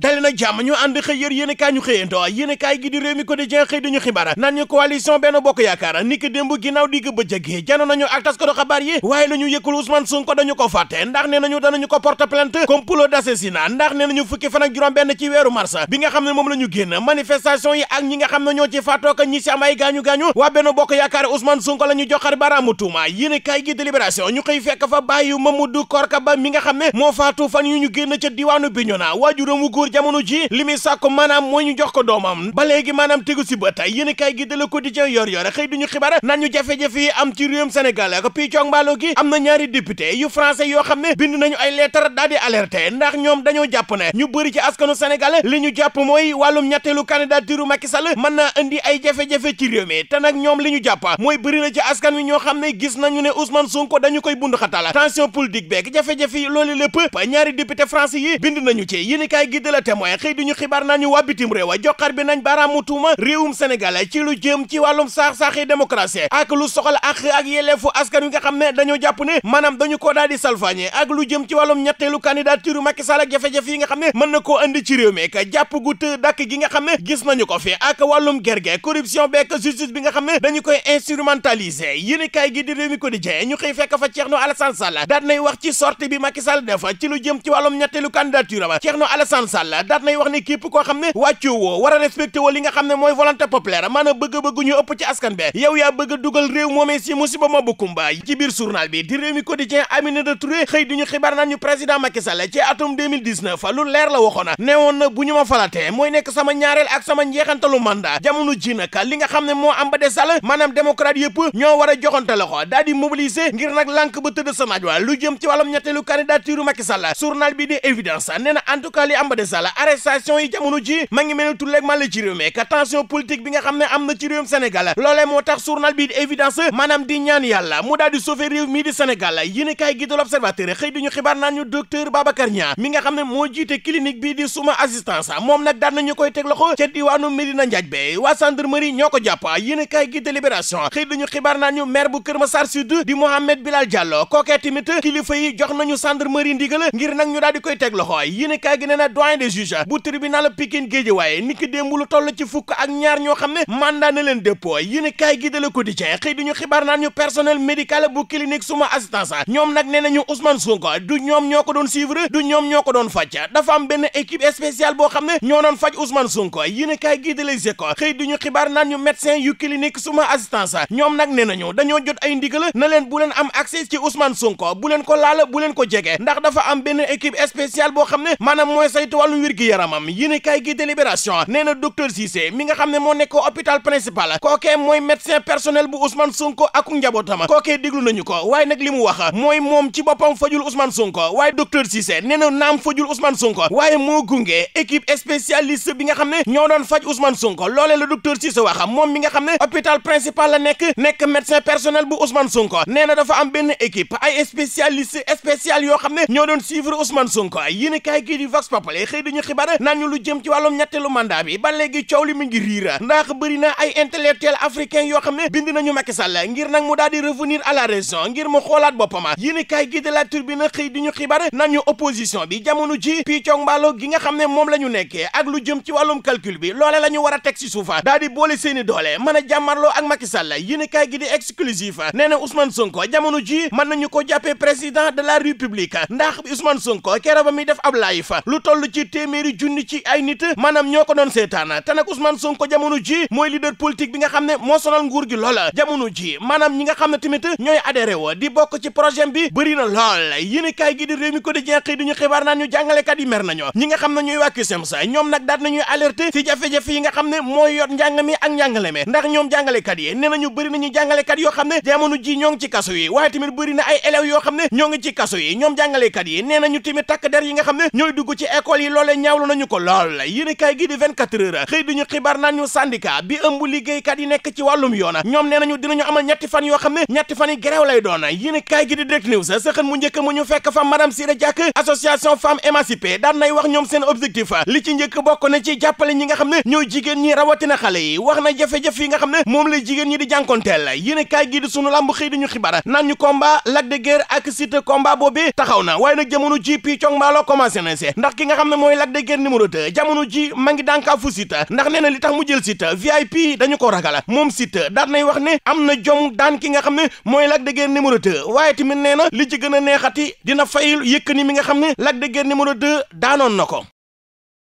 dali nag jàmm ñu ànd xëy yër yéen i kaay ñu xëyantoo yéen i kaay gi di réew mi quotidien xëy dañu xibaar naan ñu coalition benn bokk yaakaar ni ki démb ginnaaw digg bëccëg gi jano nañu ak taskatu xabaar yi waaye la ñu yëkkul Ousmane Sonko dañu ko fàtte ndax nee nañu danañu ko porte plainte complot d'assassinat ndax nee nañu fukki fan ak benn ci weeru mars bi xam ne moom la ñu génn manifestation yi ak ñi nga xam ne ñoo ci faatoo ñi si am jamono ji li muy sàkku maanaam moo ñu jox ko doomam ba léegi maanaam tegu si bët yéen kaay gi de Le Quotidien yor yor xëy duñu xibaar naan ñu jafe-jafe yi am ci réewum Sénégal ak piccoo mbaalo gi am na ñaari député yu français yoo xam ne bind nañu ay lettre daal di alerté ndax ñoom dañoo jàpp ne ñu bëri ci askanu Sénégal li ñu jàpp mooy wàllum ñetteelu candidature Macky Sall mën naa indi ay jafe-jafe ci réew mi te nag ñoom li ñu jàpp mooy bëri na ci askan wi ñoo xam ne gis nañu ne Ousmane Sonko dañu koy bund xatal tension politique beeg jafe-jafe yi loolu lépp nañu ci yéen kaay gi de la la témoin xëy duñu xibaar naa waa bitim réew joxar bi nañ baaraamu tuuma réewum Sénégal ci lu jëm ci wàllum saax-saaxi démocratie ak lu soxal ak ak yelleefu askan wi nga xam ne dañoo jàpp ne maanaam dañu koo daal di ak lu jëm ci wàllum ñetteelu candidature Macky Sall ak yi nga xam ne mën na koo andi ci réew mi gi nga xam ne gis nañu ko fi ak wàllum gerge corruption beek justice bi nga xam ne dañu koy instrumentaliser yéen gi di réew mi ko di jee ñu xëy fekk fa Thierno Alassane Sall Sall nay wax ne képp koo xam ne wàccu woo war a respecté woo li nga xam ne mooy volonté populaire maanaam bëgg ñu ëpp ci askan bi yow yaa bëgg dugal réew moomee si musiba ma bu kumba ci biir journal bi di réew mi quotidien Aminata Touré xëy duñu xibaar naan ñu président Macky Sall ci atum lu leer la waxoon ne woon na bu ñu ma falatee mooy nekk sama ñaareel ak sama njeexantalu mandat jamono ji nag li nga xam ne moo am ba de Sall maanaam démocrate yëpp ñoo war a joxante Sall arrestation yi jamono ji ma ngi mel ni tulleeg man la ci réew meek tension politique nga xam ne am na ci réewum Sénégal loolee moo tax journal bi di évidence maanaam di ñaan yàlla mu daal di sauver réew mii di Sénégal yéen kaay gi de l'Observateur ñu xibaar naan ñu docteur Babacar Niang mi nga xam ne moo jiite clinique bii di suma assistance moom nag daan nañu koy teg loxo ca diwaanu Medina Njaaj be waa gendarmerie ñoo ko jàpp yéen kaay gi de Libération xëy dañu yi jox nañu gendarmerie ndigal nag ñu daal di koy teg loxo yéen kaay gi des juges bu tribunal Pikine Guédiawaye niki démb lu toll ci fukk ak ñaar ñoo xam ne mandat na leen dépôt yéen kaay gi de la Quotidien xëy di ñu xibaar naan ñu personnel médical bu clinique suma assistance ñoom nag nee nañu Ousmane Sonko du ñoom ñoo ko doon suivre du ñoom ñoo ko doon faj dafa am benn équipe spéciale boo xam ne ñoo doon faj Ousmane Sonko yéen kaay gi de ñu xibaar naan ñu médecin yu clinique suma ñoom nag nee nañu dañoo jot ay ndigal na leen bu leen am accès ci Ousmane Sonko bu leen ko laal bu leen ko jege ndax dafa am benn équipe spéciale boo xam ne maanaam mooy wàllu wér gi yaramam yéen kaay gi délibération nee na docteur Cissé mi nga xam ne moo nekk hôpital principal kookee mooy médecin personnel bu Ousmane Sonko ak njabootam kookee déglu nañu ko waaye nag li mu wax mooy moom ci boppam fajul Ousmane Sonko waaye docteur Cissé nee naam fajul Ousmane Sonko waaye moo gunge équipe spécialiste bi nga xam ne ñoo doon faj Ousmane Sonko loolee la docteur Cissé wax moom mi nga xam ne hôpital principal la nekk nekk médecin personnel bu Ousmane Sonko nee na dafa am benn équipe ay spécialiste spécial yoo xam ne ñoo doon suivre Ousmane xëy dañu xibaar naan ñu lu jëm ci wàllum ñetteelu mandat bi ba léegi coow li mu ngi riira ndax bëri na ay intellectuel africain yoo xam ne bind nañu Macky Sall ngir nag mu daal di revenir à la raison ngir mu xoolaat boppam yéen kaay gi de la Tribune xëy di ñu xibaar naan ñu opposition bi jamono ji piccoo mbaalo gi nga xam ne moom la ñu nekkee ak lu jëm ci wàllum calcul bi loole la ñu war a teg si suufa daal di boole seeni doole mën a jàmmarloo ak Macky salla yéen kaay gi di exclusif nee na Ousmane Sonko jamono ji mën nañu ko jàppee président de la République ndax Ousmane Sonko keroog ba muy def ab live téeméeri junni ci ay nit maanaam ñoo ko doon seetaan te nag Ousmane Sonko jamono ji mooy leader politique bi nga xam ne moo sonal nguur gi loola jamono ji maanaam ñi nga xam ne tamit ñooy adhéré wa di bokk ci projet bi bëri na lool yéen gi di réew mi ko di jeex di ñu xibaar naan ñu jàngalekat yi mer nañu ñi nga xam ne ñooy waa CUSEMS ñoom nag daat nañuy alerter ci jafe-jafe yi nga xam ne mooy yor njàng mi ak njàngale ndax ñoom jàngalekat yi nee nañu bëri nañu jàngalekat yoo xam ne jamono ñoo ngi ci kaso yi waaye tamit bëri yoo xam ne ñoo ngi ci kaso yi jàngalekat yi nee nañu tamit takk der yi nga xam ne ñooy dugg ci école yi loolee ñaawlu nañu ko lool yéen kaay gi di 24 heures xëy duñu xibaar naan ñu syndicat bi ëmb liggéeykat yi nekk ci wàllum yoon ñoom nee nañu dinañu amal ñetti fan yoo xam ne ñetti fan yi grève lay doon yéen kaay gi di direct news sa xën mu njëkk mu ñu fekk fa madame Siré Diack association femmes émancipées daan nay wax ñoom seen objectif li ci njëkk bokk na ci jàppale ñi nga xam ne ñooy jigéen ñi rawatina xale yi wax na jafe-jafe nga xam ne moom la jigéen ñi di jànkonteel yéen kaay gi di sunu lamb xëy duñu xibaar naan ñu combat lac de guerre ak na waaye nag jamono na se ndax ki mooy Lac de Guiers numéro 2 jamono ji ma ngi dànkaafu Siteu ndax nee na li tax mu jël Siteu VIP dañu ko ragala moom Siteu daan nay wax ne am na jom daan ki nga xam ne mooy Lac de Guiers numéro 2 waaye tamit nee na li ci gën a neexati dina fayil Yékini mi nga xam ne lag de Guiers numéro 2 daanoon na ko